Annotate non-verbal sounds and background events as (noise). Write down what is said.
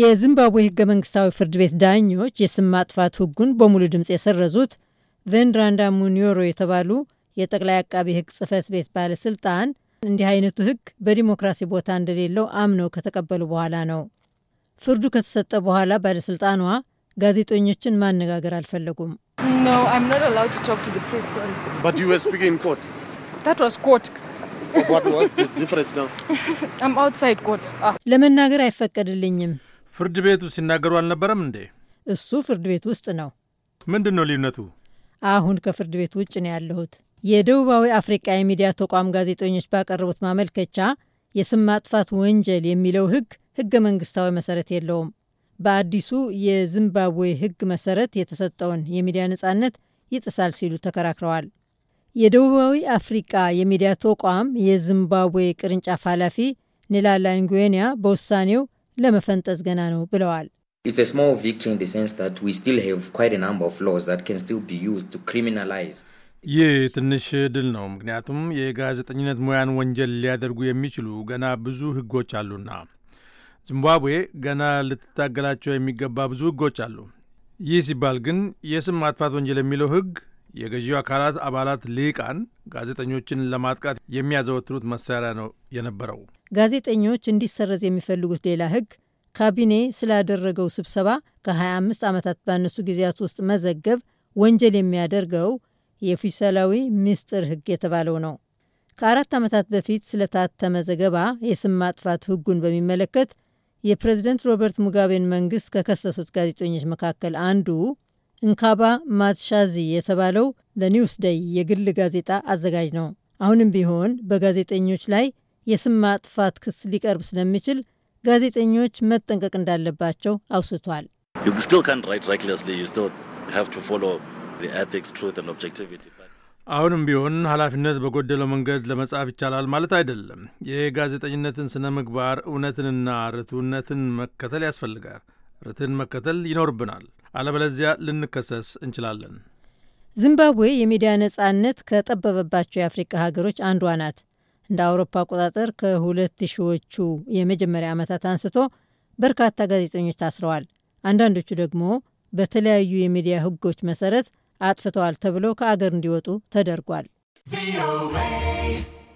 የዚምባብዌ ህገ መንግስታዊ ፍርድ ቤት ዳኞች የስም ማጥፋት ህጉን በሙሉ ድምፅ የሰረዙት ቬንድራንዳ ሙኒዮሮ የተባሉ የጠቅላይ አቃቢ ህግ ጽህፈት ቤት ባለስልጣን እንዲህ አይነቱ ህግ በዲሞክራሲ ቦታ እንደሌለው አምነው ከተቀበሉ በኋላ ነው። ፍርዱ ከተሰጠ በኋላ ባለስልጣኗ ጋዜጠኞችን ማነጋገር አልፈለጉም። (laughs) Ah. ለመናገር አይፈቀድልኝም። ፍርድ ቤቱ ሲናገሩ አልነበረም እንዴ? እሱ ፍርድ ቤት ውስጥ ነው። ምንድን ነው ልዩነቱ? አሁን ከፍርድ ቤት ውጭ ነው ያለሁት። የደቡባዊ አፍሪቃ የሚዲያ ተቋም ጋዜጠኞች ባቀረቡት ማመልከቻ የስም ማጥፋት ወንጀል የሚለው ህግ ህገ መንግስታዊ መሰረት የለውም። በአዲሱ የዚምባብዌ ህግ መሰረት የተሰጠውን የሚዲያ ነጻነት ይጥሳል ሲሉ ተከራክረዋል። የደቡባዊ አፍሪቃ የሚዲያ ተቋም የዚምባብዌ ቅርንጫፍ ኃላፊ ኒላላ ንጉዌንያ በውሳኔው ለመፈንጠዝ ገና ነው ብለዋል። ይህ ትንሽ ድል ነው፣ ምክንያቱም የጋዜጠኝነት ሙያን ወንጀል ሊያደርጉ የሚችሉ ገና ብዙ ህጎች አሉና። ዚምባብዌ ገና ልትታገላቸው የሚገባ ብዙ ህጎች አሉ። ይህ ሲባል ግን የስም ማጥፋት ወንጀል የሚለው ህግ የገዢው አካላት አባላት ሊቃን ጋዜጠኞችን ለማጥቃት የሚያዘወትሩት መሳሪያ ነው የነበረው። ጋዜጠኞች እንዲሰረዝ የሚፈልጉት ሌላ ህግ ካቢኔ ስላደረገው ስብሰባ ከ25 ዓመታት ባነሱ ጊዜያት ውስጥ መዘገብ ወንጀል የሚያደርገው የኦፊሴላዊ ምስጢር ህግ የተባለው ነው። ከአራት ዓመታት በፊት ስለታተመ ዘገባ የስም ማጥፋት ህጉን በሚመለከት የፕሬዝደንት ሮበርት ሙጋቤን መንግስት ከከሰሱት ጋዜጠኞች መካከል አንዱ እንካባ ማትሻዚ የተባለው ለኒውስ ደይ የግል ጋዜጣ አዘጋጅ ነው። አሁንም ቢሆን በጋዜጠኞች ላይ የስም ማጥፋት ክስ ሊቀርብ ስለሚችል ጋዜጠኞች መጠንቀቅ እንዳለባቸው አውስቷል። አሁንም ቢሆን ኃላፊነት በጎደለው መንገድ ለመጻፍ ይቻላል ማለት አይደለም። የጋዜጠኝነትን ስነ ምግባር እውነትንና ርቱነትን መከተል ያስፈልጋል። ርትን መከተል ይኖርብናል። አለበለዚያ ልንከሰስ እንችላለን። ዚምባብዌ የሚዲያ ነጻነት ከጠበበባቸው የአፍሪቃ ሀገሮች አንዷ ናት። እንደ አውሮፓ አቆጣጠር ከሁለት ሺዎቹ የመጀመሪያ ዓመታት አንስቶ በርካታ ጋዜጠኞች ታስረዋል። አንዳንዶቹ ደግሞ በተለያዩ የሚዲያ ሕጎች መሰረት አጥፍተዋል ተብለው ከአገር እንዲወጡ ተደርጓል።